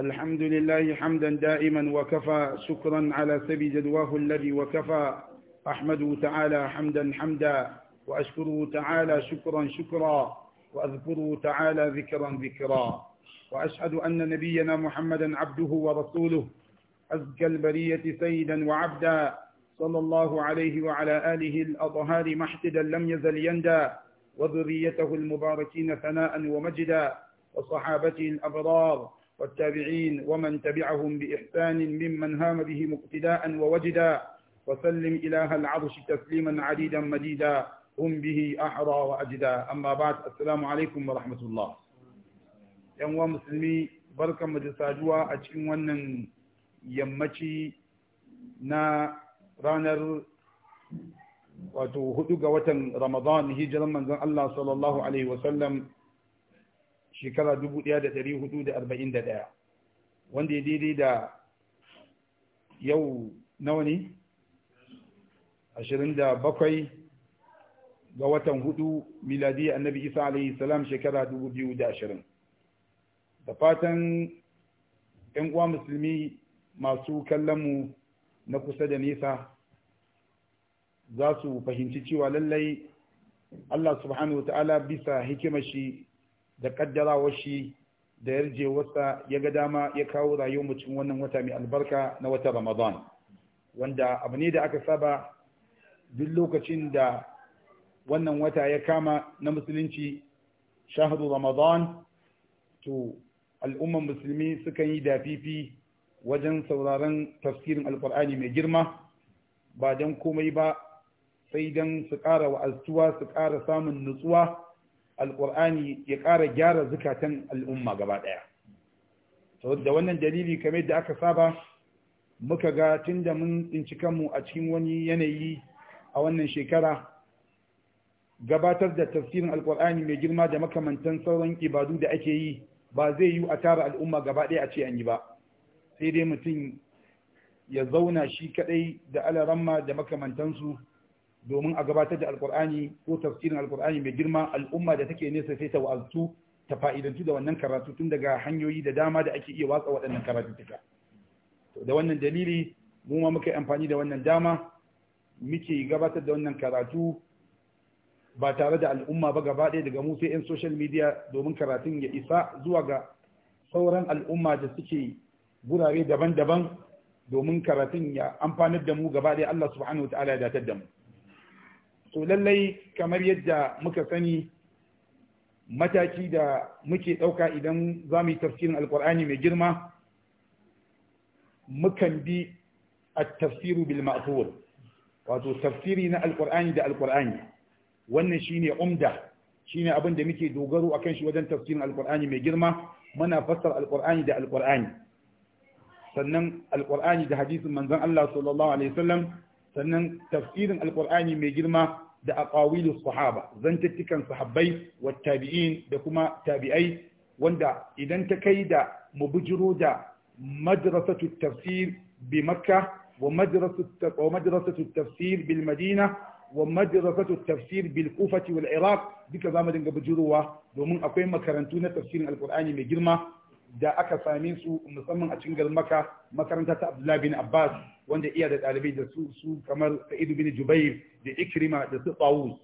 الحمد لله حمدا دائما وكفى شكرا على سبي جدواه الذي وكفى أحمده تعالى حمدا حمدا وأشكره تعالى شكرا شكرا وأذكره تعالى ذكرا ذكرا وأشهد أن نبينا محمدا عبده ورسوله أزكى البرية سيدا وعبدا صلى الله عليه وعلى آله الأطهار محتدا لم يزل يندى وذريته المباركين ثناء ومجدا وصحابته الأبرار والتابعين ومن تبعهم بإحسان ممن هام به مقتداء ووجدا وسلم إله العرش تسليما عديدا مديدا هم به أحرى وأجدا أما بعد السلام عليكم ورحمة الله ينوى مسلمي بركة مجلسة أجن ونن يمتي نا رانر wato وتن رمضان watan من الله صلى الله عليه وسلم shekara 1441 wanda ya daidai da yau nawa ne 27 ga watan hudu miladi annabi isa alaihi salam shekara 2020 da fatan ‘yan uwa musulmi masu kallon mu na kusa da nesa za su fahimci cewa lallai Allah subhanahu wa ta'ala bisa hikimar shi da kaddarawar shi da yarjewarsa ya ga dama ya kawo rayuwar mutum wannan wata mai albarka na wata Ramadan wanda abu ne da aka saba duk lokacin da wannan wata ya kama na musulunci shahru Ramadan to al'umman musulmi sukan yi dafifi wajen sauraron tafsirin alkur'ani mai girma ba don komai ba sai don su ƙara wa'aztuwa su ƙara samun nutsuwa alƙur'ani ya ƙara gyara zukatan al'umma gaba ɗaya da wannan dalili kamar yadda aka saba muka ga tunda mun tsinci kanmu a cikin wani yanayi a wannan shekara gabatar da tafsirin alƙur'ani mai girma da makamantan sauran ibadu da ake yi ba zai yi a tara al'umma gaba ɗaya a ce an yi ba sai dai mutum ya zauna shi kaɗai da alaramma da makamantansu domin a gabatar da alkur'ani ko tafsirin alkur'ani mai girma al'umma da take nesa sai ta wa'azu ta fa'idantu da wannan karatu tun daga hanyoyi da dama da ake iya watsa waɗannan karatuttuka da wannan dalili mu ma muka yi amfani da wannan dama muke gabatar da wannan karatu ba tare da al'umma ba gaba ɗaya daga mu sai 'yan social media domin karatun ya isa zuwa ga sauran al'umma da suke gurare daban-daban domin karatun ya amfanar da mu gaba ɗaya Allah subhanahu wa ta'ala ya datar da mu to lallai kamar yadda muka sani mataki da muke ɗauka idan za mu yi tafsirin alkur'ani mai girma mukan bi a tafsiru bil wato tafsiri na alkur'ani da alkur'ani wannan shine umda shine abin da muke dogaro a kan shi wajen tafsirin alkur'ani mai girma muna fassar alkur'ani da alkur'ani sannan alkur'ani da hadisin manzon Allah sallallahu alaihi wasallam sannan tafsirin alkur'ani mai girma da aqawilu sahaba zantattukan sahabbai wa tabi'in da kuma tabi'ai wanda idan ta kai da mubujiro da madrasatu tafsir bi makka wa madrasatu wa madrasatu tafsir bil madina wa madrasatu tafsir bil kufati wal iraq duka zamu dinga bujurowa domin akwai makarantu na tafsirin alqur'ani mai girma da aka same su musamman a cikin maka makaranta ta Abdullahi bin Abbas wanda iya da ɗalibai da su su kamar Sa'id bin Jubair da Ikrima da su Tawus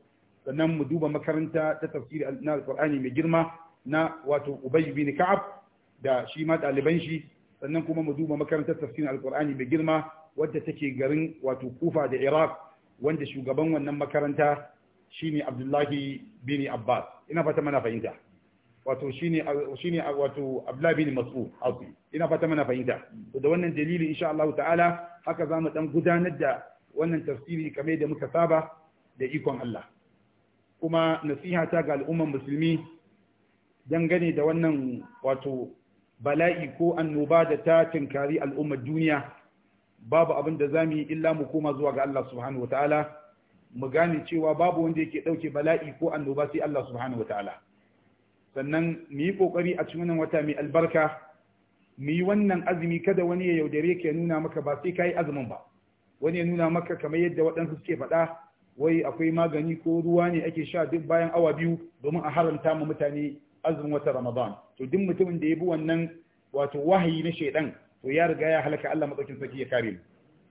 sannan mu duba makaranta ta tafsiri na qurani mai girma na wato Ubay bin Ka'ab da shi ma ɗaliban shi sannan kuma mu duba makarantar tafsirin Al-Qur'ani mai girma wadda take garin wato Kufa da Iraq wanda shugaban wannan makaranta shine Abdullahi bin Abbas ina fata mana fahimta wato shine shine wato Abdullahi bin Mas'ud azu ina fata mana fahimta to da wannan dalili insha Allah ta'ala haka zamu dan gudanar da wannan tafsiri kamar da muka saba da ikon Allah kuma nasiha ta ga al'umman musulmi dangane da wannan wato bala'i ko annoba da ta tinkari al'ummar duniya babu abin da za mu yi illa mu koma zuwa ga Allah subhanahu ta'ala, mu gane cewa babu wanda yake ɗauke bala'i ko annoba sai Allah subhanahu ta'ala. sannan mu yi ƙoƙari a cikin wata mai albarka mu yi wannan azumi kada wani ya yaudare ke ya nuna maka ba sai yi azumin ba wani ya nuna maka kamar yadda waɗansu suke faɗa wai akwai magani ko ruwa ne ake sha duk bayan awa biyu domin a haramta ma mutane azumin wata Ramadan to duk mutumin da ya bi wannan wato wahayi na shaidan to ya riga ya halaka Allah madaukin sarki ya kare mu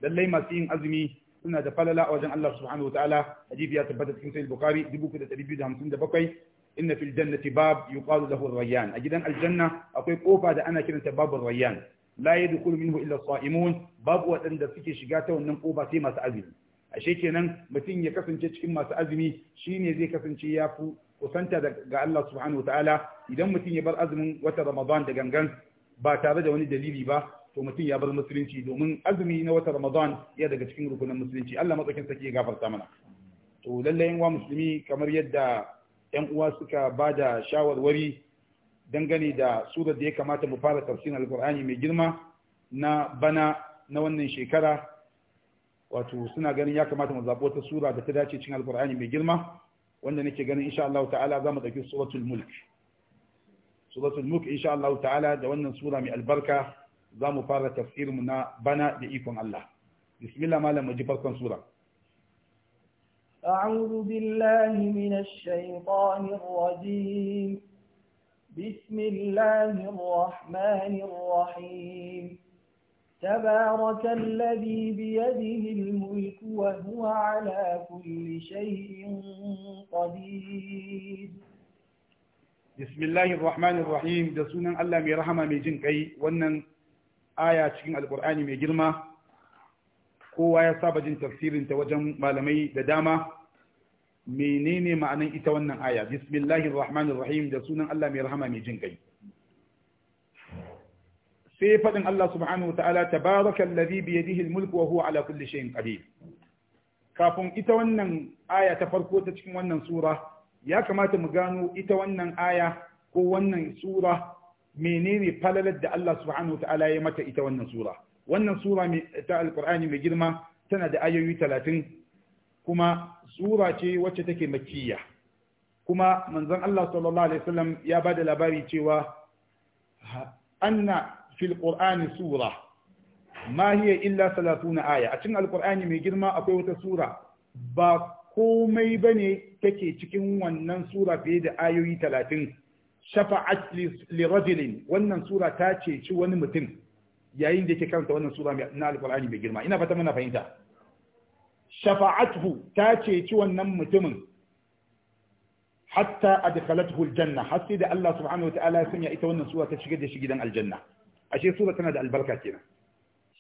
lallai masu yin azumi suna da falala a wajen Allah subhanahu wa ta'ala hadisi ya tabbata cikin sahih bukhari 2257 inna fil jannati bab yuqalu lahu ar-rayyan a gidan aljanna akwai kofa da ana kiranta babur rayyan la yadkhulu minhu illa as-sa'imun babu wadanda suke shiga ta wannan kofa sai masu azumi ashe kenan mutum ya kasance cikin masu azumi shine zai kasance ya fi kusanta ga Allah subhanahu wataala idan mutum ya bar azumin wata Ramadan da gangan ba tare da wani dalili ba to mutum ya bar musulunci domin azumi na wata Ramadan ya daga cikin rukunin musulunci Allah matsakin sake ya gafarta mana to lallai wa musulmi kamar yadda 'yan uwa suka ba da shawarwari dangane da surar da ya kamata mu fara tafsirin alkur'ani mai girma na bana na wannan shekara wato suna ganin ya kamata mu zaɓi wata sura da ta dace cin alkur'ani mai girma wanda nake ganin insha Allah ta'ala za mu ɗauki suratul mulk suratul mulk insha Allah ta'ala da wannan sura mai albarka za mu fara mu na bana da ikon Allah bismillah malam mu ji farkon sura أعوذ بالله من الشيطان الرجيم بسم الله الرحمن الرحيم تبارك الذي بيده الملك وهو على كل شيء قدير بسم الله الرحمن الرحيم da الله Allah mai rahama mai jin kai wannan kowa ya saba jin tafsirinta wajen malamai da dama menene ma'anan ita wannan aya bismillahir rahmanir rahim da sunan Allah mai rahama mai jin kai sai fadin Allah subhanahu wataala tabarakal ladhi bi yadihi al wa huwa ala kulli shay'in qadir kafin ita wannan aya ta farko ta cikin wannan sura ya kamata mu gano ita wannan aya ko wannan sura menene falalar da Allah subhanahu wataala ya mata ita wannan sura wannan sura ta alkur'ani mai girma tana da ayoyi talatin kuma sura ce wacce take makiyya. kuma manzon Allah sallallahu alaihi wasallam ya ba da labari cewa anna fil qur'ani sura ma hiya illa 30 aya a cikin alkur'ani mai girma akwai wata sura ba komai bane take cikin wannan sura fiye da ayoyi talatin, shafa'at li rajulin wannan sura ta ceci wani mutum yayin da yake karanta wannan sura na alqur'ani mai girma ina fata mana fahimta shafa'atuhu ta ceci wannan mutumin hatta adkhalathu aljanna har sai da Allah subhanahu wataala ya sanya ita wannan sura ta shigar da shi gidan aljanna ashe sura tana da albarka kenan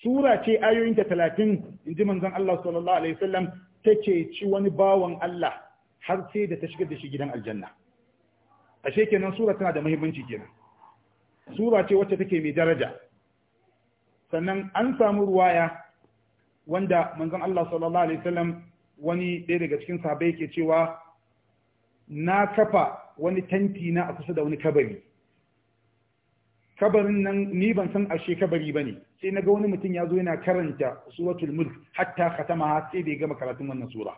sura ce ayoyin ta 30 inji manzon Allah sallallahu alaihi wasallam ta ceci wani bawan Allah har sai da ta shigar da shi gidan aljanna ashe kenan sura tana da muhimmanci kenan sura ce wacce take mai daraja sannan an samu ruwaya wanda manzon Allah sallallahu alaihi wasallam wani ɗaya daga cikin sahabbai yake cewa na kafa wani tanti na a kusa da wani kabari kabarin nan ni ban san ashe kabari bane sai naga wani mutum ya zo yana karanta suratul mulk hatta khatama sai da ya gama karatun wannan sura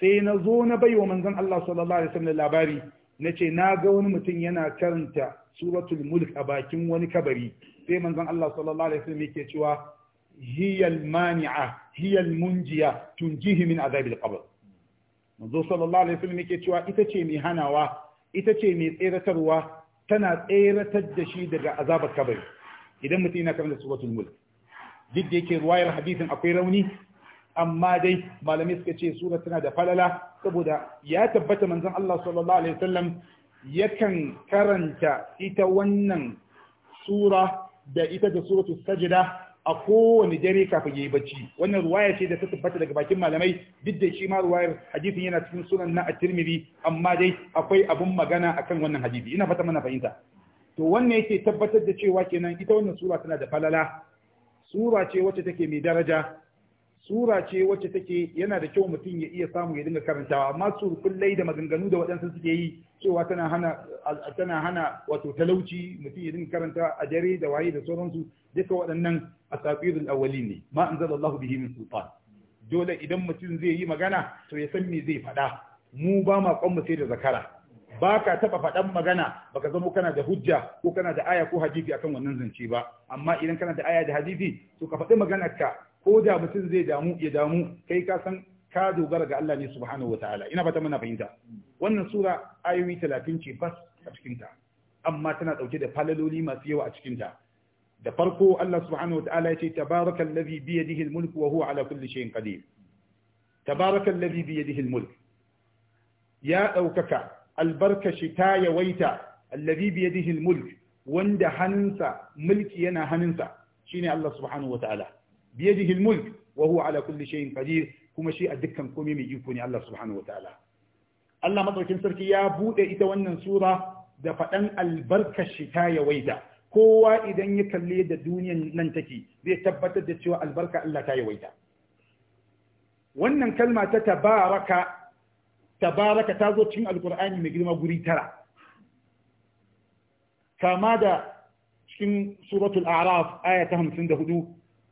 sai na zo na baiwa manzon Allah sallallahu alaihi wasallam labari na ce na ga wani mutum yana karanta suratul mulk a bakin wani kabari sai manzon Allah sallallahu alaihi wasallam yake cewa hiyal mani'a hiyal munjiya tunjihi min azabil qabr manzo sallallahu alaihi wasallam yake cewa ita ce mai hanawa ita ce mai tseratarwa tana tseratar da shi daga azabar kabari idan mutum yana karanta suratul mulk duk da yake ruwayar hadisin akwai rauni amma dai malamai suka ce sura tana da falala saboda ya tabbata manzon Allah sallallahu alaihi wasallam yakan karanta ita wannan sura da ita da suratu sajda a kowane dare kafin yayi bacci wannan ruwaya ce da ta tabbata daga bakin malamai duk da shi ma ruwayar hadisin yana cikin sunan na at-Tirmidhi amma dai akwai abun magana akan wannan hadisi ina fata mana fahimta to wannan yake tabbatar da cewa kenan ita wannan sura tana da falala sura ce wacce take mai daraja sura ce wacce take yana da kyau mutum ya iya samu ya dinga karantawa amma surkullai da maganganu da waɗansu suke yi cewa tana hana tana hana wato talauci mutum ya dinga karanta a dare da waye da sauransu duka waɗannan a asafirul awali ne ma anzalallahu bihi min sultan dole idan mutum zai yi magana to ya san me zai faɗa mu ba ma mu sai da zakara ba ka taɓa faɗan magana baka zama kana da hujja ko kana da aya ko hadisi akan wannan zance ba amma idan kana da aya da hadisi to ka faɗi maganar ka ko da mutum zai damu ya damu kai ka san ka dogara ga Allah ne subhanahu wataala ina fata muna fahimta wannan sura ayoyi talatin ce bas a cikin ta amma tana dauke da falaloli masu yawa a cikin ta da farko Allah subhanahu wataala ya ce tabarakal ladhi bi yadihi al wa huwa ala kulli shay'in qadir tabarakal bi yadihi al ya daukaka albarka shi ta yawaita alladhi bi yadihi al wanda hannunsa mulki yana hannunsa shine Allah subhanahu wataala بيده الملك وهو على كل شيء قدير kuma shi a dukkan komai mai iko ne Allah subhanahu wataala Allah madaukin sarki ya buɗe ita wannan sura da faɗan albarkar shi ta yawaita kowa idan ya kalli yadda duniyan nan take zai tabbatar da cewa albarka Allah ta yawaita wannan kalma ta tabaraka tabaraka ta zo cikin alkur'ani mai girma guri tara kama da cikin suratul a'raf aya ta hudu.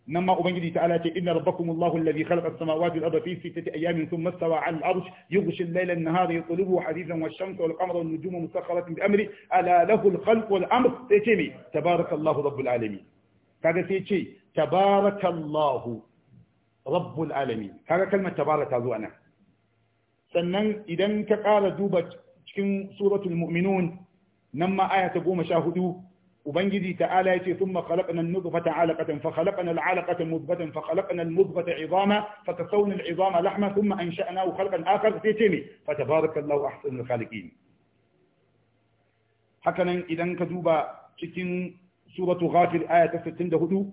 نما أبنجلي تعالى إن ربكم الله الذي خلق السماوات والأرض في ستة أيام ثم استوى على العرش يغشي الليل النهار يطلبه حديثا والشمس والقمر والنجوم مسخرة بأمره ألا له الخلق والأمر تيتمي تبارك الله رب العالمين كذا تيتشي تبارك الله رب العالمين هذا كلمة تبارك الله أنا سنن إذا كقال دوبة سورة المؤمنون نما آية قوم شاهدوا وبنجدي تعالى يتي ثم خلقنا النطفة علقة فخلقنا العلقة مضبة فخلقنا المضبة عظاما فكثون العظام لحما ثم أنشأنا وخلقا آخر في تيمي فتبارك الله أحسن الخالقين حكنا إذا كذوبا تكين سورة غافل آية ستين دهدو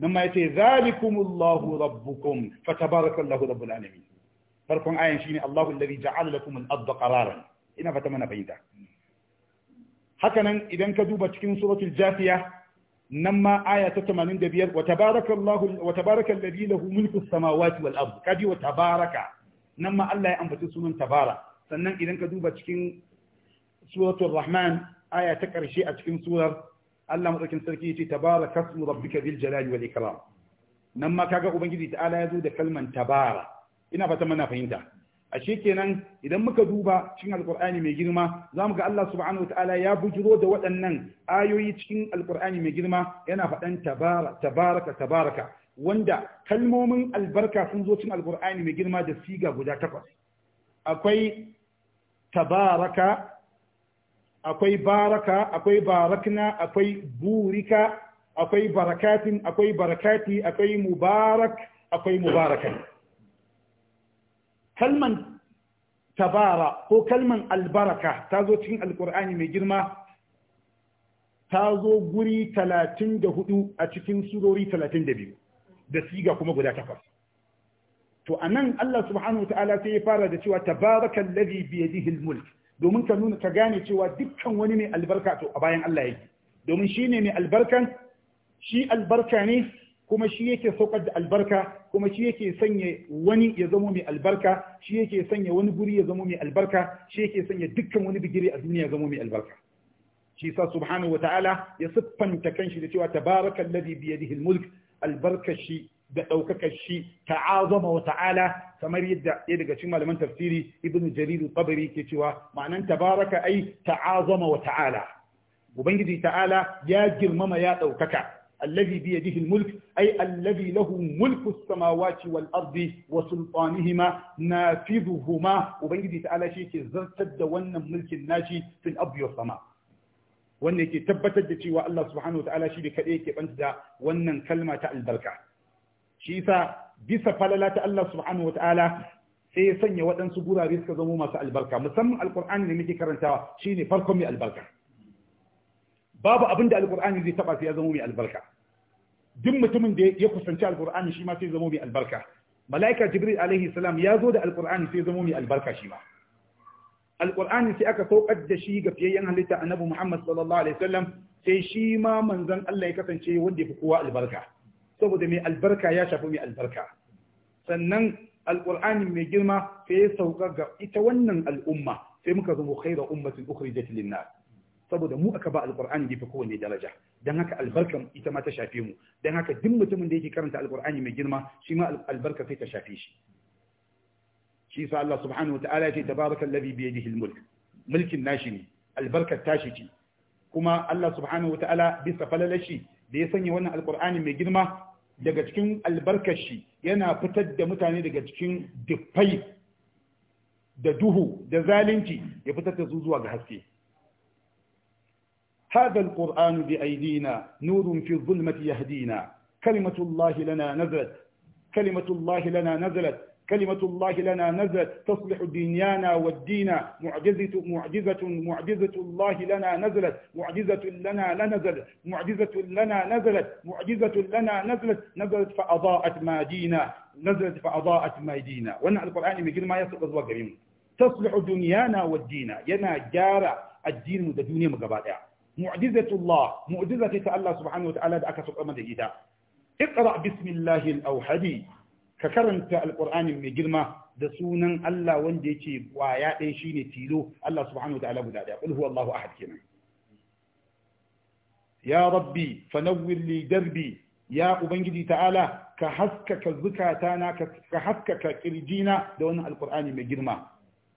يتي ذلكم الله ربكم فتبارك الله رب العالمين فرقم آية شيني الله الذي جعل لكم الأرض قرارا إنا فتمنى بينك hakanan idan ka duba cikin suratul jafiya nan ma aya ta 85 wa Allah wa tabaraka ladhi lahu mulku samawati wal ard kaji wa tabaraka nan ma Allah ya ambaci sunan tabara sannan idan ka duba cikin suratul rahman aya ta karshe a cikin surar Allah madaukin sarki yace tabaraka ismu rabbika bil jalali wal ikram nan ma kaga ubangiji ta'ala ya zo da kalman tabara ina fata mana fahimta ashe kenan idan muka duba cikin alkur'ani mai girma za mu ga Allah subhanahu wa ta'ala ya bujiro da waɗannan ayoyi cikin alkur'ani mai girma yana faɗan tabaraka tabaraka wanda kalmomin albarka sun zo cikin alkur'ani mai girma da siga guda takwas akwai tabaraka akwai baraka akwai barakna akwai burika akwai barakatin akwai barakati akwai mubarak akwai mubarakan kalman tabara ko kalman albaraka ta zo cikin alkur'ani mai girma ta zo guri 34 a cikin surori 32 da siga kuma guda takwas to anan Allah subhanahu wa ta'ala sai ya fara da cewa tabarakan ladhi bi yadihi almulk domin ka nuna ka gane cewa dukkan wani mai albarka to a bayan Allah yake domin shine mai albarkan shi albarka ne kuma shi yake saukar da albarka kuma shi yake sanya wani ya zamo mai albarka shi yake sanya wani guri ya zamo mai albarka shi yake sanya dukkan wani bigire a duniya ya zamo mai albarka shi sa subhanahu wata'ala ya siffanta kanshi da cewa tabaraka ladhi bi yadihi almulk shi da daukakar shi ta'azama wa ta'ala kamar yadda ya daga cikin malaman tafsiri ibnu jarir al-qabri ke cewa ma'anan tabaraka ai ta'azama wa ta'ala ubangiji ta'ala ya girmama ya daukaka الذي بيده الملك أي الذي له ملك السماوات والأرض وسلطانهما نافذهما وبنجد تعالى شيء زرتد ون ملك الناجي في الأرض والسماء wanda ke tabbatar da cewa Allah subhanahu wataala shi da kaɗai yake ɓanta da wannan kalma ta albarka shi yasa bisa falala ta Allah subhanahu wataala sai ya sanya waɗansu gurare suka zama masu albarka musamman alqur'ani ne muke karantawa shine farkon mai albarka babu abin da alkur'ani zai taba sai ya zama mai albarka duk mutumin da ya kusanci alkur'ani shi ma sai zama mai albarka malaika jibril alaihi salam ya zo da alkur'ani sai zama mai albarka shi ma alkur'ani sai aka saukar da shi ga fiyayyen halitta annabi muhammad sallallahu alaihi wasallam sai shi ma manzon Allah ya kasance wanda ya fi kowa albarka saboda mai albarka ya shafi mai albarka sannan alkur'ani mai girma sai ya sauka ga ita wannan al'umma sai muka zama khaira ummatin ukhrijat lin-nas saboda mu aka ba alqur'ani bi fa kowanne daraja dan haka albarkan ita ma ta shafe mu dan haka duk mutumin da yake karanta alqur'ani mai girma shi ma albarka sai ta shafe shi shi yasa Allah subhanahu wataala yake tabarakallazi bi yadihi almulk mulkin nashi ne albarkar tashi ce kuma Allah subhanahu ta'ala bisa falalashi da ya sanya wannan alqur'ani mai girma daga cikin albarkar shi yana fitar da mutane daga cikin dufai da duhu da zalunci ya fitar da su zuwa ga haske هذا القرآن بأيدينا نور في الظلمة يهدينا كلمة الله لنا نزلت كلمة الله لنا نزلت كلمة الله لنا نزلت تصلح دنيانا والدين معجزة معجزة معجزة الله لنا نزلت معجزة لنا لنزلت معجزة لنا نزلت معجزة لنا نزلت نزلت فأضاءت ما دينا نزلت فأضاءت ما دينا وأن القرآن يقول ما يسقط وقريم تصلح دنيانا والدين ينا جارة الدين مدى دنيا مقبادة mu'jizatullah mu'jiza ta Allah subhanahu wataala da aka saka mana ita iqra bismillahi al-awhadi ka karanta alqur'ani mai girma da sunan Allah wanda yake waya ɗaya shine tilo Allah subhanahu wataala guda ɗaya qul huwallahu ahad kenan ya rabbi fanawwir li darbi ya ubangiji ta'ala ka haskaka zukatana ka haskaka kirjina da wannan alqur'ani mai girma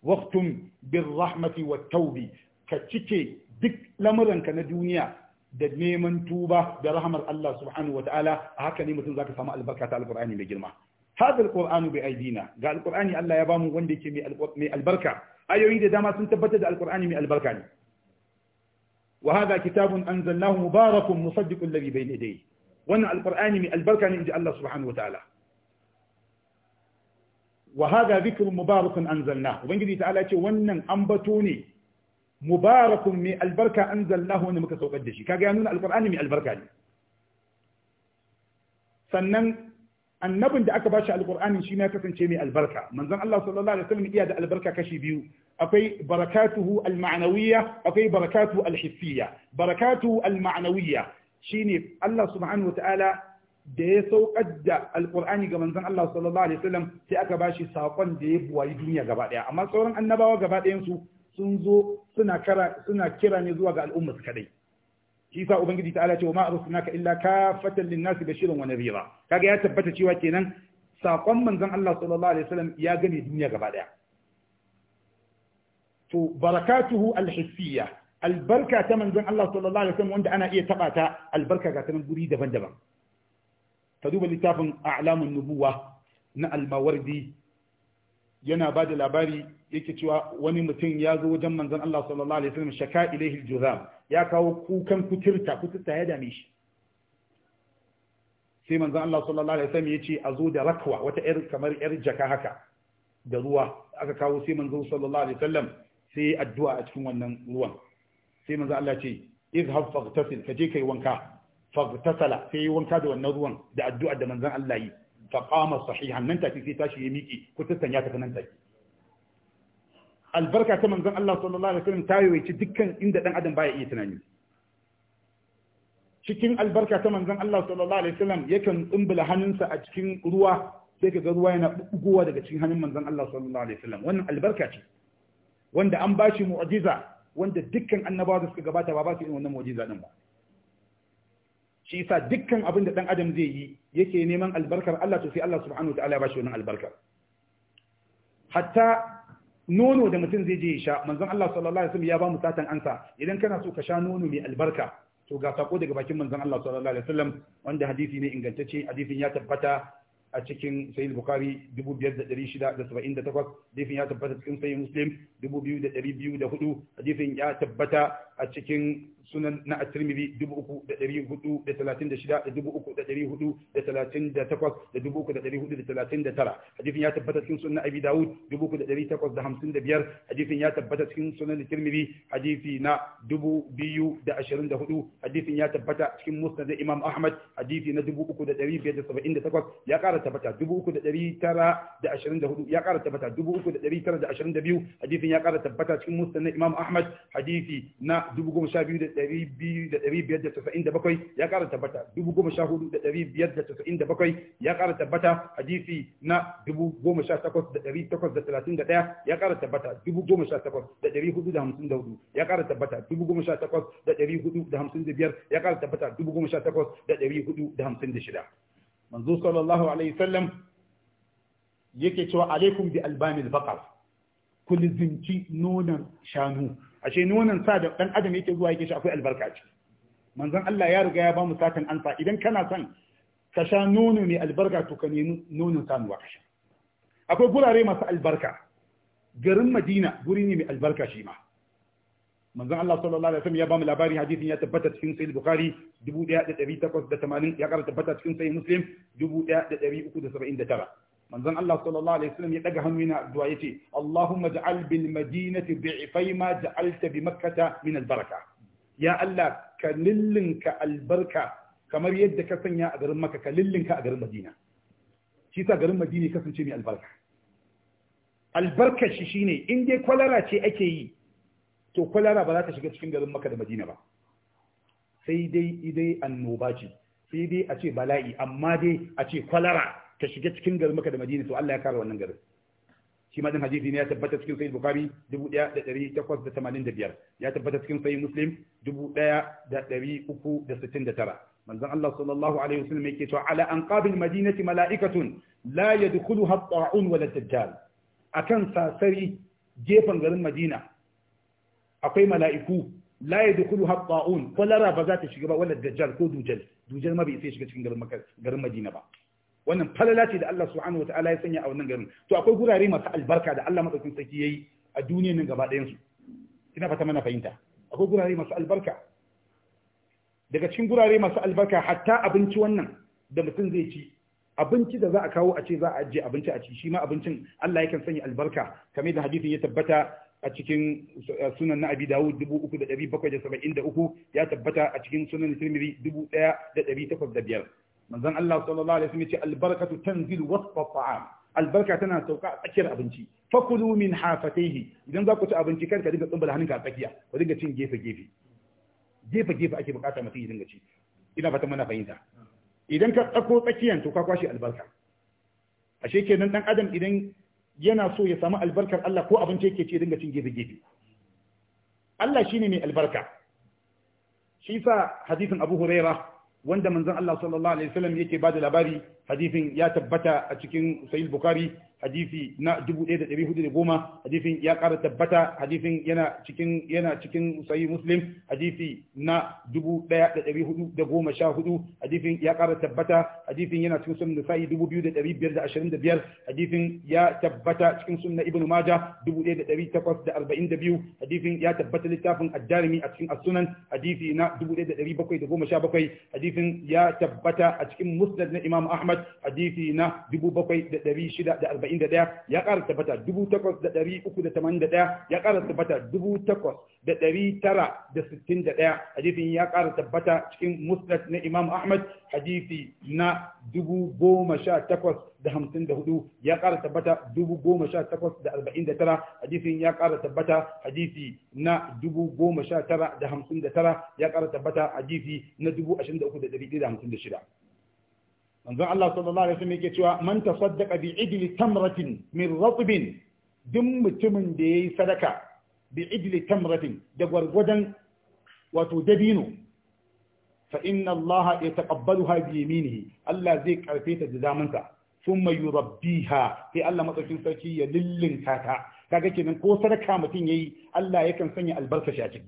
waqtum bir rahmati wat tawbi ka cike duk lamuranka na duniya da neman tuba da rahmar Allah subhanahu wa ta'ala a haka ne mutum zaka samu albarka ta alqur'ani mai girma hadha alqur'anu bi aidina ga alqur'ani Allah ya bamu wanda yake mai albarka ayoyi da dama sun tabbatar da alqur'ani mai albarka ne wa hadha kitabun anzalnahu mubarakun musaddiqul ladhi bayna yadayhi wannan alqur'ani mai albarka ne inji Allah subhanahu wa ta'ala wa hadha dhikrun mubarakun anzalnahu ubangiji ta'ala ce wannan ambato ne mubarakun mai albarka anzalnahu wanda muka saukar da shi kaga ya nuna alqur'ani mai albarka ne sannan annabin da aka bashi alkurani shi ne kasance mai albarka manzon Allah sallallahu alaihi wasallam iya da albarka kashi biyu akwai barakatuhu alma'nawiyya akwai barakatuhu alhissiyya barakatuhu alma'nawiyya shine Allah subhanahu wataala da ya saukar da alkur'ani ga manzon Allah sallallahu alaihi wasallam sai aka bashi sakon da ya buwayi duniya gaba daya amma sauran annabawa gaba su sun zo suna kara suna kira ne zuwa ga al'umma su kadai shi yasa ubangiji ta'ala ce wa ma arsalnaka illa kafatan lin da bashiran wa nadhira kaga ya tabbata cewa kenan saƙon manzon Allah sallallahu alaihi wasallam ya gane duniya gaba daya to barakatuhu al albarka ta manzon Allah sallallahu alaihi wasallam wanda ana iya taba ta albarka ga tanan guri daban-daban ka duba littafin a'lamun nubuwa na almawardi. yana ba da labari yake cewa wani mutum ya zo wajen manzon Allah sallallahu alaihi wasallam shaka ilaihi juzam ya kawo kukan kuturta kuturta ya dame shi sai manzon Allah sallallahu alaihi wasallam yace a zo da rakwa wata yar kamar yar jaka haka da ruwa aka kawo sai manzon sallallahu alaihi wasallam sai addu'a a cikin wannan ruwan sai manzon Allah ya ce izhab faghtasil kaje kai wanka faghtasala sai yi wanka da wannan ruwan da addu'a da manzon Allah ya yi فقام صحيحا sai tashi ya تاشي يميكي كنت تنيا تفنن تأتي البركة ta نزل الله صلى الله عليه Ta تاوي dukkan inda دان adam baya iya tunani. cikin albarka ta manzon Allah sallallahu alaihi wasallam yakan tsumbula hannunsa a cikin ruwa sai ka ga ruwa yana bugowa daga cikin hannun manzon Allah sallallahu alaihi wasallam wannan albarka ce wanda an bashi mu'jiza wanda dukkan annabawa da suka gabata ba ba su irin wannan mu'jiza din ba shi yasa dukkan abin da dan adam zai yi yake neman albarkar Allah to sai Allah subhanahu wataala ya bashi wannan albarkar hatta nono da mutum zai je ya sha manzon Allah sallallahu alaihi wasallam ya ba mu satan ansa idan kana so ka sha nono mai albarka to ga sako daga bakin manzon Allah sallallahu alaihi wasallam wanda hadisi ne ingantacce hadisin ya tabbata a cikin sahih bukhari 5678 hadisin ya tabbata cikin sahih muslim 2204 hadisin ya tabbata a cikin sunan na at-tirmidhi 3436 da 3438 da 3439 hadisin ya tabbata cikin sunan abi daud 3855 hadisin ya tabbata cikin sunan at-tirmidhi hadisi na 2024 hadisin ya tabbata cikin musnad imam ahmad hadisi na 3578 ya kara tabbata 3924 ya kara tabbata 3922 hadisin ya kara tabbata cikin musnad imam ahmad hadisi na 10597 ya kara tabbata 14597 ya kara tabbata hadisi na 18831 ya kara tabbata 18454 ya kara tabbata 18455 ya kara tabbata 18456 manzo sallallahu alaihi wasallam yake cewa alaikum bi albanil baqar kullu zinci nonan shanu ashe wannan sa da dan adam yake zuwa yake shi akwai albarka ce manzon Allah ya riga ya bamu satan ansa idan kana son ka sha nono mai albarka to ka nemi nonon sanuwa ka sha akwai gurare masu albarka garin Madina guri ne mai albarka shi ma manzon Allah sallallahu alaihi wasallam ya bamu labarin hadisin ya tabbata cikin sahih bukhari 1880 ya karanta tabbata cikin sahih muslim 1379 manzon Allah sallallahu alaihi wasallam ya daga hannu yana addu'a yace Allahumma ja'al bil madinati bi'fai ma ja'alta bi makkata min al baraka ya Allah ka lillinka albarka kamar yadda ka sanya a garin makka ka lillinka a garin madina shi sa garin madina kasance mai albarka Albarka shi shine in dai kwalara ce ake yi to kwalara ba za ta shiga cikin garin makka da madina ba sai dai idai annoba ce sai dai a ce bala'i amma dai a ce kwalara Ka shiga cikin garin maka da madina to Allah ya kare wannan garin shi ma din hadisi ne ya tabbata cikin sahih bukhari 1885 ya tabbata cikin sahih muslim 1369 manzon Allah sallallahu alaihi wasallam yake cewa ala anqabil madinati mala'ikatun la yadkhuluha at-ta'un wala dajjal akan sasari gefen garin madina akwai mala'iku la yadkhuluha at-ta'un ko lara ba za ta shiga ba wala dajjal ko dujal dujal ma bai sai shiga cikin garin madina ba wannan falala ce da Allah subhanahu wataala ya sanya a wannan garin to akwai gurare masu albarka da Allah madaukakin sarki yayi a duniyar nan gaba ɗayan su ina fata mana fahimta akwai gurare masu albarka daga cikin gurare masu albarka hatta abinci wannan da mutum zai ci abinci da za a kawo a ce za a ajiye abinci a ci shi ma abincin Allah yakan sanya albarka kamar da hadisin ya tabbata a cikin eh, sunan na Abi Dawud 3773 ya tabbata a cikin sunan Tirmidhi 1805 manzon Allah sallallahu alaihi wasallam ya ce albarkatu tanzilu wasfa ta'am albarka tana sauka a tsakiyar abinci fakulu min hafataihi idan za ku ci abinci kar ka dinga tsumbala hannunka a tsakiya ka dinga cin gefe gefe gefe gefe ake bukata mutum ya dinga ci ina fatan mana fahimta idan ka tsako tsakiyan to ka kwashe albarka ashe kenan dan adam idan yana so ya samu albarkar Allah ko abinci yake ci dinga cin gefe gefe Allah shine mai albarka shi sa hadisin Abu Hurairah wanda manzon Allah sallallahu alaihi wasallam yake ba da labari hadisin ya tabbata a cikin sahih bukhari hadisi na dubu ɗaya da da hudu goma hadisin ya ƙara tabbata hadisin yana cikin yana cikin sahih muslim hadisi na hudu hadisin ya ƙara tabbata hadisin yana cikin sunan da biyar hadisin ya tabbata cikin sunan ibnu maja biyu hadisin ya tabbata littafin ad a cikin as-sunan hadisi na bakwai hadisin ya tabbata a cikin musnad na imam ahmad hadisi na dubu bakwai da da shida arba'in. 1,891 ya ƙara tabbata 8,381 ya ƙara tabbata 8,961 hadisin ya ƙara tabbata cikin musnad na imam ahmad hadisi na 18,054 ya ƙara tabbata 18,049 hadisin ya ƙara tabbata hadisi na 19,059 ya ƙara tabbata hadisi na 23,156 manzon Allah sallallahu alaihi wasallam yake cewa man tasaddaqa bi idli tamratin min ratbin duk mutumin da yayi sadaka bi idli tamratin da gwargwadon wato dabino fa inna Allah yataqabbaluha bi yaminihi Allah zai karfe ta da zamansa thumma yurabbiha sai Allah matsakin sarki ya lillinka ta kaga kenan ko sadaka mutum yayi Allah yakan sanya albarka shi a ciki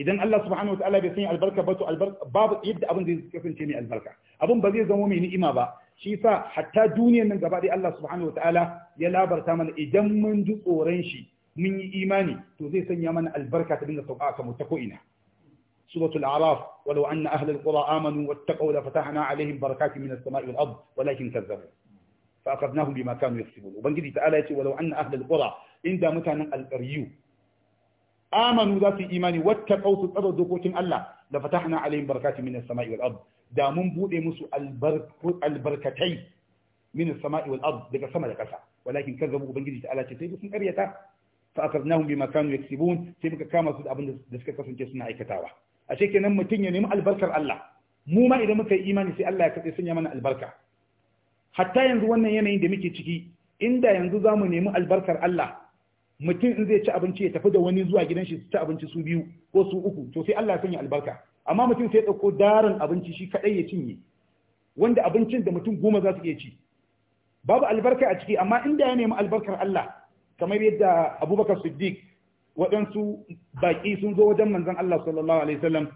idan Allah subhanahu wataala bai sanya albarka ba to babu yadda abin zai kasance mai albarka abin ba zai zama mai ni'ima ba shi yasa hatta duniyar nan gaba ɗaya Allah subhanahu wataala ya labarta mana idan mun ji tsoron shi mun yi imani to zai sanya mana albarka ta dinga sauka a ta ko'ina سورة الأعراف ولو أن أهل القرى آمنوا واتقوا لفتحنا عليهم بركات من السماء والأرض ولكن كذبوا فأخذناهم بما كانوا يكسبون وبنجد تعالى ولو أن أهل القرى إن دا القريو amanu za su imani wattaqau su tsaro dokokin Allah da fatahna alaihim barakatin minas sama'i wal ard da mun bude musu albarkatai minas sama'i wal ard daga sama da ƙasa walakin kazzabu ubangiji ta Allah ce sai sun ƙaryata fa akhadnahum bima kanu yaksibun sai muka kama su da abin da suka kasance suna aikatawa a kenan mutum ya nemi albarkar Allah mu ma idan muka yi imani sai Allah ya katse sanya mana albarka hatta yanzu wannan yanayin da muke ciki inda yanzu za mu nemi albarkar Allah mutum in zai ci abinci ya tafi da wani zuwa gidan shi su ci abinci su biyu ko su uku to sai Allah ya sanya albarka amma mutum sai ya dauko darin abinci shi kadai ya cinye wanda abincin da mutum goma za su iya ci babu albarka a ciki amma inda ya nemi albarkar Allah kamar yadda Abubakar Siddiq waɗansu baƙi sun zo wajen manzon Allah sallallahu alaihi wasallam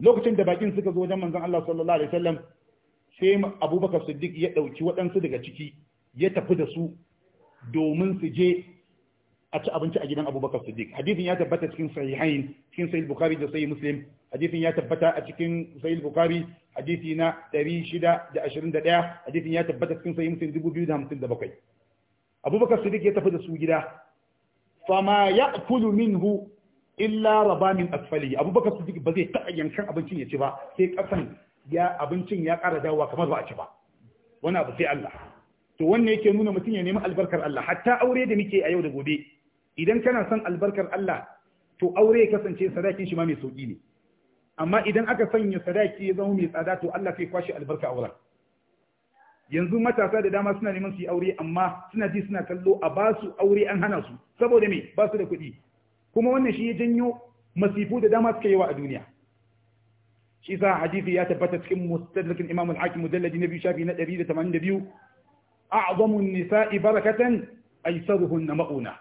lokacin da baƙin suka zo wajen manzon Allah sallallahu alaihi wasallam sai Abubakar Siddiq ya dauki waɗansu daga ciki ya tafi da su domin su je a ci abinci a gidan abubakar Sadiq hadithin ya tabbata cikin sahihain cikin sahih bukhari da sahih muslim hadithin ya tabbata a cikin sahih bukhari hadithi na 621 hadithin ya tabbata cikin sahih muslim 2057 abubakar Sadiq ya tafi da su gida fama ya'kulu minhu illa raba min asfali abubakar Sadiq ba zai taɓa yankan abincin ya ci ba sai kasan ya abincin ya ƙara dawowa kamar ba a ci ba wani abu sai Allah to wannan yake nuna mutum ya nemi albarkar Allah hatta aure da muke a yau da gobe idan kana son albarkar Allah to aure ya kasance sadakin shi ma mai sauki ne amma idan aka sanya sadaki ya zama mai tsada to Allah sai kwashi albarka auren yanzu matasa da dama suna neman su yi aure amma suna ji suna kallo a ba su aure an hana su saboda me ba su da kuɗi kuma wannan shi ya janyo masifu da dama suka yawa a duniya shi sa hadisi ya tabbata cikin mustadlakin imam al-hakim mujalladi na biyu shafi na 182 a'zamu an-nisa'i barakatan aysaruhunna mauna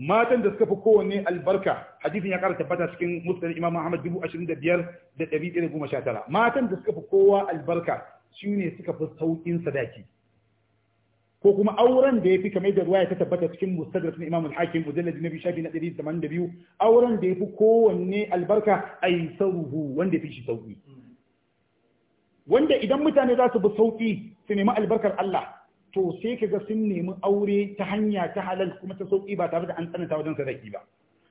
matan da suka fi kowanne albarka hadisin ya kara tabbata cikin musnad imam ahmad dubu ashirin da biyar da ɗari ɗaya goma sha tara matan da suka fi kowa albarka shi ne suka fi sauƙin sadaki ko kuma auren da ya fi kamar da ruwaya ta tabbata cikin mustadrak na imam al-hakim mujallad na biyu shafi na ɗari tamanin da biyu auren da ya fi kowanne albarka ai sauruhu wanda ya fi shi sauƙi mm. wanda idan mutane za su bi sauƙi su nemi albarkar Allah to sai ga sun nemi aure ta hanya ta halal kuma ta sauki ba tare da an tsananta wajen sadaki ba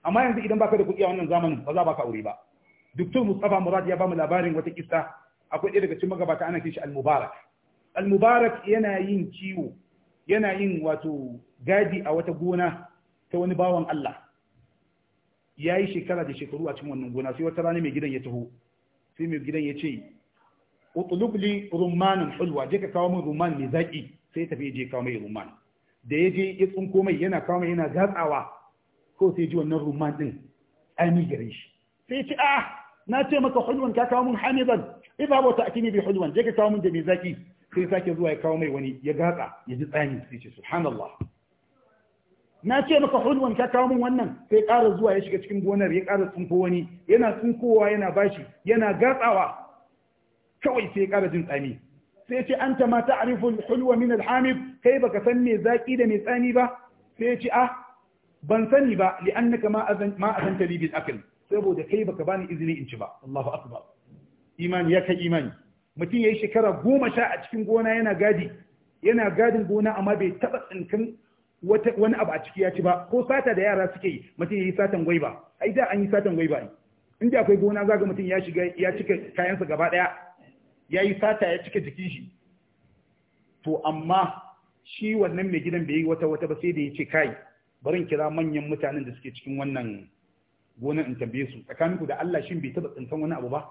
amma yanzu idan baka da kuɗi a wannan zamanin ba za ka aure ba Dr. Mustafa Murad ya bamu labarin wata kisa akwai ɗaya daga cikin magabata ana kishi Al-Mubarak Al-Mubarak yana yin kiwo yana yin wato gadi a wata gona ta wani bawan Allah ya yi shekara da shekaru a cikin wannan gona sai wata rana mai gidan ya taho sai mai gidan ya ce utlub li rummanin hulwa je ka kawo min rumman mai zaki sai tafi je kawo mai rumman da ya je ya tsinko mai yana kawo mai yana gatsawa ko sai ji wannan rumman din tsami gare shi sai ci ah na ce maka hulwan ka kawo mun hamidan idza wa ta'tini bi hulwan je ka kawo mun da mai zaki sai sake zuwa ya kawo mai wani ya gatsa ya ji tsami sai ce subhanallah na ce maka hulwan ka kawo mun wannan sai ƙara zuwa ya shiga cikin gonar ya ƙara tsinko wani yana tsinkowa yana bashi yana gatsawa kawai sai ya ƙara jin tsami sai ce anta ma ta'rifu al-hulwa min al-hamid kai baka san me zaki da me tsani ba sai ce ah ban sani ba li'annaka ma azan ma azanta li bil akl saboda kai baka bani izini in ci ba Allahu akbar imani ya kai imani mutum yayi shekara goma sha a cikin gona yana gadi yana gadin gona amma bai taba tsinkan wani abu a ciki ya ci ba ko sata da yara suke yi mutum yayi satan gwaiba ai da an yi satan gwaiba ne inda akwai gona zaga mutum ya shiga ya cika kayansa gaba ɗaya. ya yi sata ya cika jikin shi to amma shi wannan mai gidan bai yi wata wata ba sai da ya ce kai barin kira manyan mutanen da suke cikin wannan gonar in tambaye su tsakaninku da Allah shin bai taba tsintan wani abu ba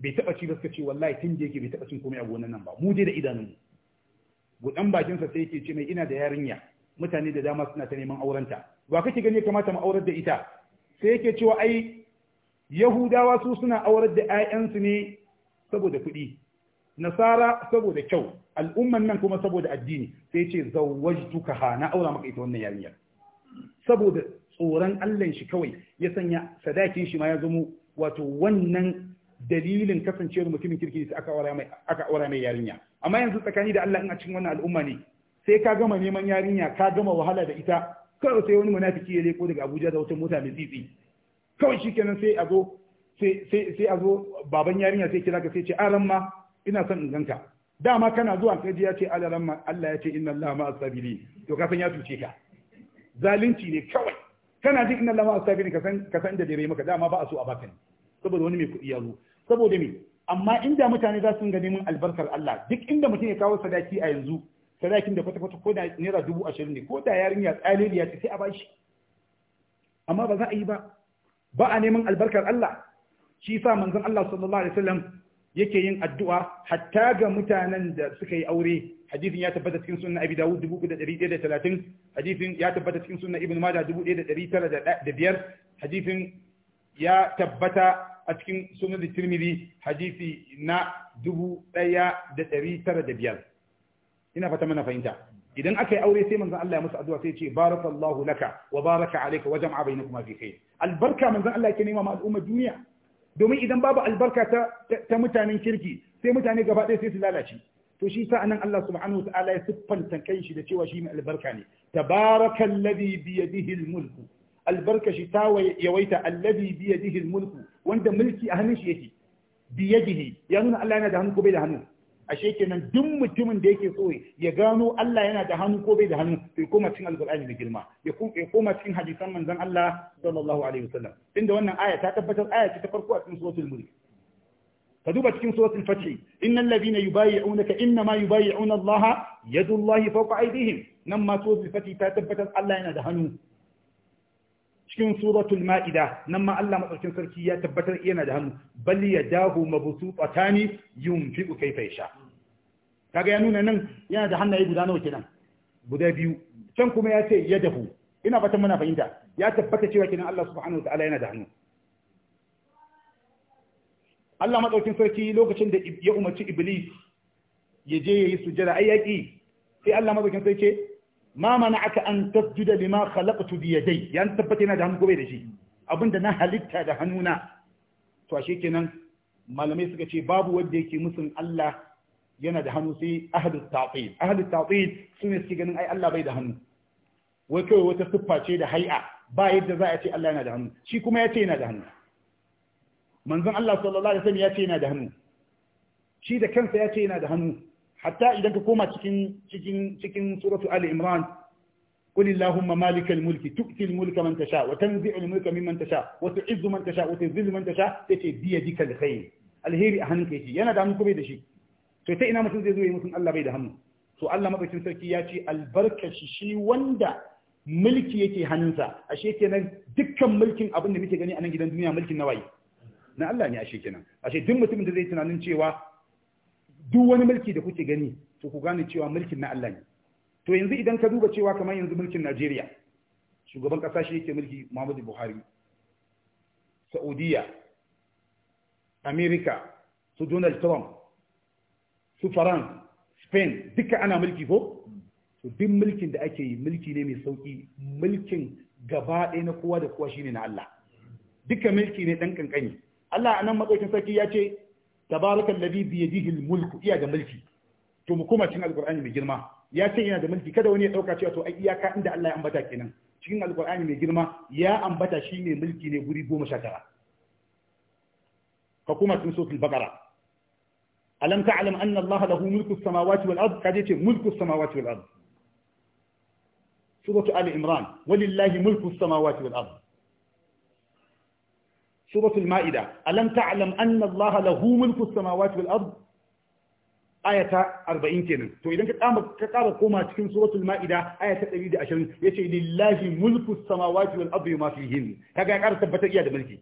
bai taba ci ba suka ce wallahi tun da yake bai taba cin komai a gonan nan ba mu dai da idanunmu gudan bakinsa sai yake ce mai ina da yarinya mutane da dama suna ta neman aurenta wa kake gani kamata mu aurar da ita sai yake cewa ai Yahudawa su suna aurar da ‘ya'yansu ne saboda kuɗi nasara saboda kyau al'umman nan kuma saboda addini sai ce zawwajtuka ha na aura maka ita wannan yarinyar saboda tsoron Allah shi kawai ya sanya sadakin shi ma ya zamo wato wannan dalilin kasancewar mutumin kirki sai aka aura mai aka aura mai yarinya amma yanzu tsakani da Allah in a cikin wannan al'umma ne sai ka gama neman yarinya ka gama wahala da ita kawai sai wani munafiki ya leko daga Abuja da wata mota mai tsitsi kawai shikenan sai a zo sai a zo baban yarinya sai kira ka sai ce aran ma ina son in ganka dama kana zuwa ji ya ce alaran ma Allah ya ce inna Allah ma asabili to ka san ya tuce ka zalunci ne kawai kana ji inna Allah ma asabili ka san ka san da dare maka dama ba a so a baka ne saboda wani mai kuɗi ya zo saboda me amma inda mutane za su ga neman albarkar Allah duk inda mutum ya kawo sadaki a yanzu sadakin da kwata-kwata ko da naira dubu ashirin ne ko da yarinya tsaliliya ce sai a bashi amma ba za a yi ba ba a neman albarkar Allah shi sa manzon Allah sallallahu alaihi wasallam yake yin addu'a hatta ga mutanen da suka yi aure hadisin ya tabbata cikin sunan Abi Dawud 1130 hadisin ya tabbata cikin sunan Ibn Majah 1905 hadisin ya tabbata a cikin sunan Tirmidhi hadisi na 1905 ina fata mana fahimta idan aka yi aure sai manzon Allah ya musu addu'a sai ya ce barakallahu laka wa baraka alayka wa jama'a bainakuma fi khair albarka manzon Allah yake nema ma al'umma duniya domin idan babu albarka ta mutanen kirki sai mutane gaba ɗaya sai su lalace to shi sa anan Allah subhanahu wa ta'ala ya siffanta kanshi da cewa shi mai albarka ne tabarakal ladhi bi yadihi albarka shi ta yawaita alladhi bi yadihi al wanda mulki a hannun shi yake bi yadihi ya nuna Allah yana da hannu ko bai da hannu ashe kenan duk mutumin da yake so ya gano Allah yana da hannu ko bai da hannu to ya koma cikin alqur'ani da girma ya koma cikin hadisan manzon Allah sallallahu alaihi wasallam inda wannan aya ta tabbatar aya ce ta farko a cikin suratul mulk ka duba cikin suratul fath innal ladina yubayyi'unaka innama yubayyi'una Allah yadullahi fawqa aydihim nan ma suratul fath ta tabbatar Allah yana da hannu cikin suratul ma'ida nan ma Allah madaukakin sarki ya tabbatar yana da hannu bal yadahu mabsutatani yunfiqu kayfa yasha kaga ya nuna nan yana da hannaye guda nawa kenan guda biyu can kuma ya ce ya dafu ina fatan muna fahimta ya tabbata cewa kenan Allah subhanahu wa ta'ala yana da hannu Allah madaukin sarki lokacin da ya umarci iblis ya je yayi sujada ai yaki sai Allah madaukin sarki ce ma mana'aka an tasjuda lima khalaqtu bi yadai ya tabbata yana da hannu gobe da shi abinda na halitta da hannuna to ashe kenan malamai suka ce babu wanda yake musun Allah yana da hannu sai ahadut ta'til ahadut ta'til sune suke ganin ai Allah bai da hannu wai kawai wata siffa ce da hai'a ba yadda za a ce Allah yana da hannu shi kuma yace yana da hannu manzon Allah sallallahu alaihi wasallam ya ce yana da hannu shi da kansa yace yana da hannu hatta idan ka koma cikin cikin cikin suratu ali imran قل اللهم مالك الملك تؤتي الملك من تشاء وتنزع الملك ممن تشاء وتعز من تشاء وتذل من تشاء تتي بيدك الخير alheri a hannunka yake yana da hannu kuma da shi to ta ina mutum zai zo yi mutum Allah bai da hannu to Allah madaukakin sarki ya ce albarkashi shi wanda mulki yake hannunsa ashe kenan dukkan mulkin abin da muke gani a nan gidan duniya mulkin na waye na Allah ne ashe kenan ashe duk mutumin da zai tunanin cewa duk wani mulki da kuke gani to ku gane cewa mulkin na Allah ne to yanzu idan ka duba cewa kamar yanzu mulkin Najeriya shugaban kasa shi yake mulki Muhammadu Buhari Saudiya America su Donald Trump su France spain duka ana mulki ko to duk mulkin da ake yi mulki ne mai sauki mulkin gaba ɗaya na kowa da kowa shine na Allah duka mulki ne dan kankani Allah anan madaukin sarki ya ce tabarakal ladhi bi yadihi al-mulku iya da mulki to mu koma cikin alqur'ani mai girma ya ce yana da mulki kada wani ya dauka cewa to ai iyaka inda Allah ya ambata kenan cikin alqur'ani mai girma ya ambata shine mulki ne guri 19 ka kuma cikin suratul baqara alam ta'lam anna Allah lahu mulku as-samawati wal ard kaje ce mulku as-samawati wal ard suratu ali imran walillahi mulku as-samawati wal ard suratu al-maida alam ta'lam anna Allah lahu mulku as-samawati wal ard ayata 40 kenan to idan ka kama ka kara koma cikin suratul maida ayata 120 yace lillahi mulku as-samawati wal ardi ma fihin kaga ya kara tabbatar iya da mulki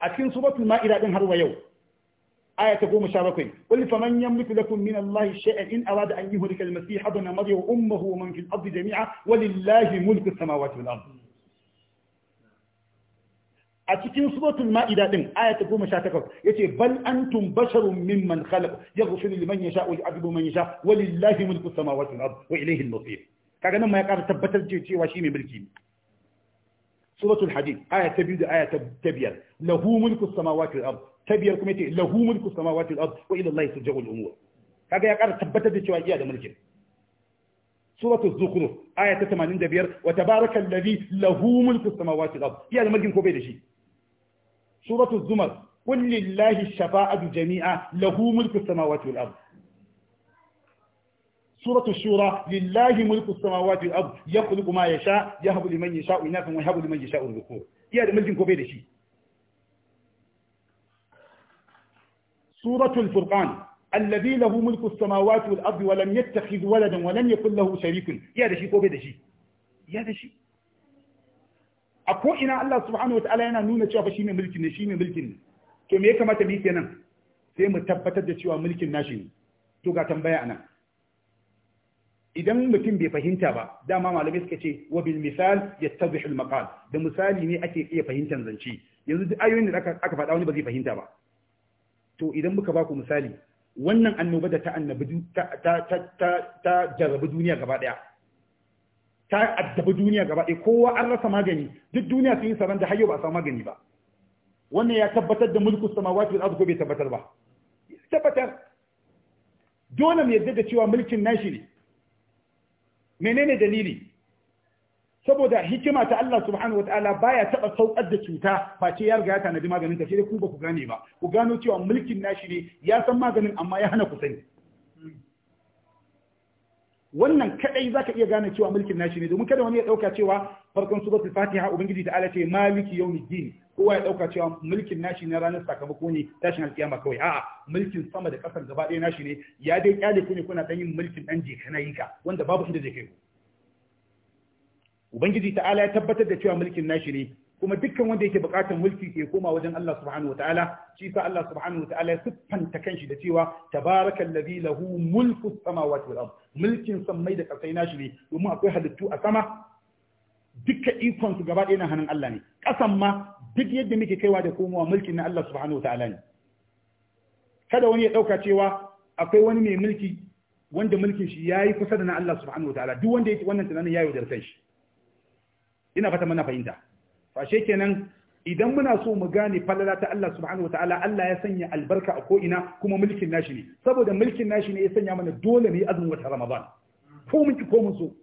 a cikin suratul ma'ida din har wa yau آية تقوم شابكين قل فمن يملك لكم من الله شيئا إن أراد أن يهلك المسيح ابن مريم وأمه ومن في الأرض جميعا ولله ملك السماوات والأرض a cikin suratul ma'ida din aya ta 18 yace bal antum basharun mimman khalaq yaghfir liman yasha wa yu'adhibu man yasha walillahi mulku samawati wal ard wa ilayhi al-masir kaga ma ya ƙara tabbatar cewa shi mai mulki سورة الحديد آية تبيد آية تبير له ملك السماوات والأرض تبير كم يتي له ملك السماوات والأرض وإلى الله ترجع الأمور هذا يقال ثبت بالشواجية هذا ملك سورة الزخرف آية 85 وتبارك الذي له ملك السماوات والأرض يا الملك كبير شيء سورة الزمر قل لله الشفاعة جميعا له ملك السماوات والأرض سورة الشورى لله ملك السماوات والأرض يخلق ما يشاء يهب لمن يشاء إناثا ويهب لمن يشاء الذكور يا ملك كوبي شيء سورة الفرقان الذي له ملك السماوات والأرض ولم يتخذ ولدا ولم يكن له شريك يا ذا شيء كوبي شيء يا ذا شيء أكو إن الله سبحانه وتعالى أنا نونا شافا شيء من ملكنا شيء من ملكنا كم يكما تبيك ينام سيما تبتد من ملكنا شيء توقع تنبيعنا idan mutum bai fahimta ba dama malamai suka ce wa bil misal yattadhihu al maqal da misali ne ake iya fahimtar zance yanzu duk ayoyin da aka aka faɗa wani ba zai fahimta ba to idan muka ba ku misali wannan annoba da ta annabi ta ta ta jarrabi duniya gaba daya ta addabi duniya gaba daya kowa an rasa magani duk duniya sun yi saran da hayyo ba a samu magani ba wannan ya tabbatar da mulkus samawati wal ardi bai tabbatar ba tabbatar dole mu yadda da cewa mulkin nashi ne menene dalili saboda hikima ta Allah subhanahu wataala baya taba saukar da cuta ce ya riga ya tanadi maganin ta sai ku ba ku gane ba ku gano cewa mulkin nashi ne ya san maganin amma ya hana ku sani wannan kadai zaka iya gane cewa mulkin nashi ne domin kada wani ya dauka cewa farkon suratul fatiha ubangiji ta ala ce maliki yawmiddin kowa ya dauka cewa mulkin nashi na ranar sakamako ne tashin alkiyama kawai a'a mulkin sama da kasar gaba ɗaya nashi ne ya dai kyale ku ne kuna dan yin mulkin dan jeka na ka, wanda babu inda zai kai ku ubangiji ta ala ya tabbatar da cewa mulkin nashi ne kuma dukkan wanda yake bukatar mulki ke koma wajen Allah subhanahu wa ta'ala shi sa Allah subhanahu wa ta'ala ya siffanta kanshi da cewa tabarakallazi lahu mulku samawati wal ard mulkin sammai da kasai nashi ne domin akwai halittu a sama duka ikon su gaba ɗaya na hannun Allah ne kasan ma duk yadda muke kaiwa da komowa mulkin na Allah subhanahu wa ta'ala ne kada wani ya dauka cewa akwai wani mai mulki wanda mulkin shi yayi kusa da na Allah subhanahu wa ta'ala duk wanda yake wannan tunanin yayi da kanshi ina fata mana fahimta fashe kenan idan muna so mu gane falala ta Allah subhanahu wataala Allah ya sanya albarka a ko ina kuma mulkin nashi ne saboda mulkin nashi ne ya sanya mana dole ne azumin wata Ramadan ko mun ki ko mun so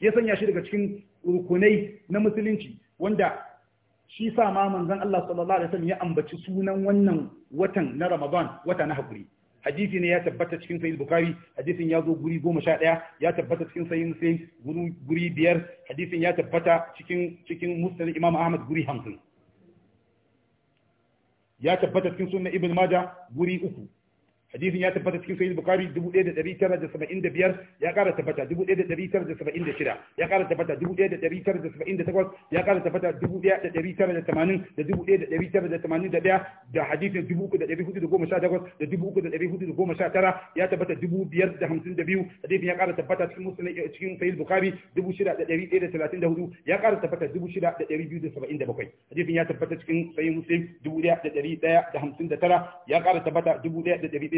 ya sanya shi daga cikin rukunai na musulunci wanda shi sa ma manzon Allah sallallahu alaihi wasallam ya ambaci sunan wannan watan na Ramadan wata na hakuri hadisi ne ya tabbata cikin sahih Buhari hadisin ya zo guri ɗaya ya tabbata cikin sahih muslim guri guri biyar hadisin ya tabbata cikin cikin musnad imam ahmad guri hamsin ya tabbata cikin sunan ibn majah guri uku hadisin ya tabbata cikin sahih bukhari 1975 ya kara tabbata 1976 ya kara tabbata 1978 ya kara tabbata 1980 da 1981 da hadisin 3418 da 3419 ya tabbata 2552 hadisin ya kara tabbata cikin muslim cikin sahih bukhari 6134 ya kara tabbata 6277 hadisin ya tabbata cikin sahih muslim 1159 ya kara tabbata 1100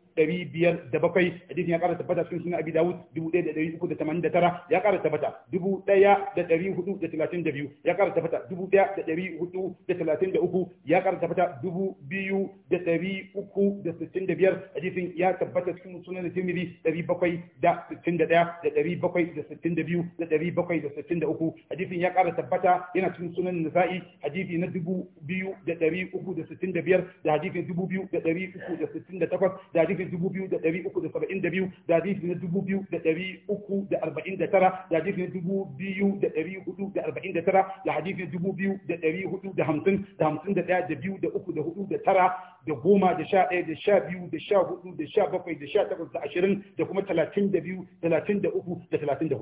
1507 hadisin ya ƙara tabbata cikin sunan abi dawud 1389 ya ƙara tabbata 1432 ya ƙara tabbata ya ƙara tabbata hadisin ya tabbata cikin sunan da da hadisin ya ƙara tabbata yana cikin sunan nisa'i hadisi na da hadisin da hadisin biyu da hadisi na biyu da hadisi na biyu da hadisi na biyu da 51 da hamsin da hamsin da ɗaya da biyu da uku da 11 da tara da goma da ɗaya da biyu da 20 da kuma biyu talatin da 34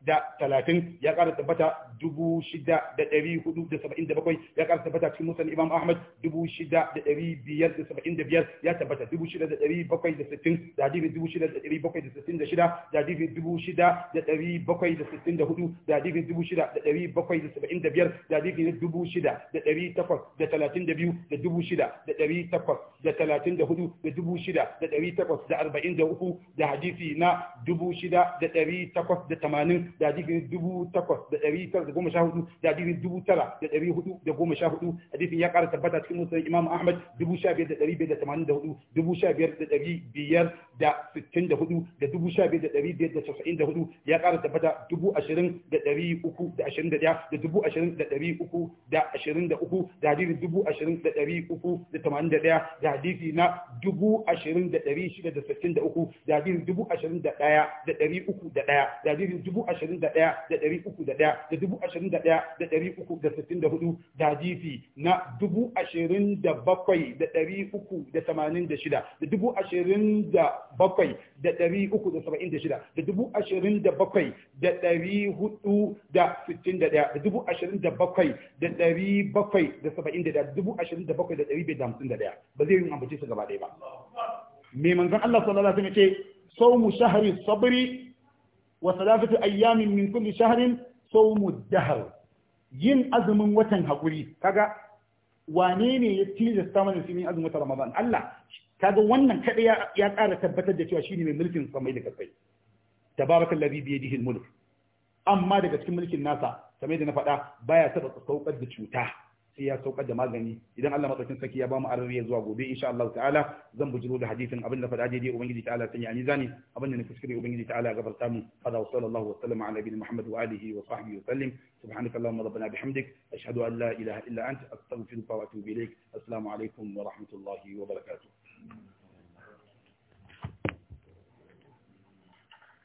da talatin ya ƙara tabbata dubu shida da ɗari hudu da saba'in da bakwai ya ƙara tabbata cikin musan imam ahmad dubu shida da ɗari biyar da saba'in da biyar ya tabbata dubu shida da ɗari bakwai da sittin da hadisi dubu shida da ɗari bakwai da sittin da shida da hadisi dubu shida da ɗari bakwai da sittin da hudu da hadisi dubu shida da ɗari bakwai da saba'in da biyar da hadisi dubu shida da ɗari takwas da talatin da biyu da dubu shida da ɗari takwas da talatin da hudu da dubu shida da ɗari takwas da arba'in da uku da hadisi na dubu shida da ɗari takwas da tamanin da hadisin dubu takwas da ɗari tara da goma sha hudu da hadisin dubu tara da ɗari hudu da goma sha hudu hadisin ya ƙara tabbata cikin musulun imam ahmad dubu sha biyar da ɗari biyar da tamanin da hudu dubu sha biyar da ɗari biyar da sittin da hudu da dubu sha biyar da ɗari biyar da casa'in da hudu ya ƙara tabbata dubu ashirin da ɗari uku da ashirin da ɗaya da dubu ashirin da ɗari uku da ashirin da uku da hadisin dubu ashirin da ɗari uku da tamanin da ɗaya da hadisi na dubu ashirin da ɗari shida da sittin da uku da hadisin dubu ashirin da ɗaya da ɗari uku da ɗaya da hadisin dubu ashirin ashirin da ɗaya da ɗari uku da ɗaya da dubu ashirin da ɗaya da ɗari uku da sittin da hudu da na dubu ashirin da bakwai da ɗari uku da tamanin da shida da dubu ashirin da bakwai da ɗari uku da saba'in da shida da dubu ashirin da bakwai da ɗari da sittin da ɗaya da dubu ashirin da bakwai da ɗari bakwai da saba'in da ɗaya da dubu ashirin da bakwai da ɗari da hamsin da ɗaya ba zai yi ambace su gaba ɗaya ba. Me manzon Allah sallallahu ya ce saumu shahri sabri wa salafatu ayyamin min kulli shahrin sawmu dahr yin azumin watan hakuri kaga wane ne ya tilasta mana su yin azumin watan ramadan Allah kaga wannan kada ya ƙara tabbatar da cewa shine mai mulkin samai da kasai tabarakallazi bi yadihi al-mulk amma daga cikin mulkin nasa kamar da na faɗa baya taba saukar da cuta sai ya saukar da magani idan Allah madaukakin saki ya bamu arariya zuwa gobe insha Allah ta'ala zan bujiro da hadisin abinda fada daidai ubangiji ta'ala sanya ni zani abinda ne kuskure ubangiji ta'ala gabarta mu hada wa sallallahu wa sallama ala nabiyina Muhammad wa alihi wa sahbihi wa sallim subhanaka allahumma rabbana bihamdik ashhadu an la ilaha illa anta astaghfiruka wa atubu ilaik assalamu alaikum wa rahmatullahi wa barakatuh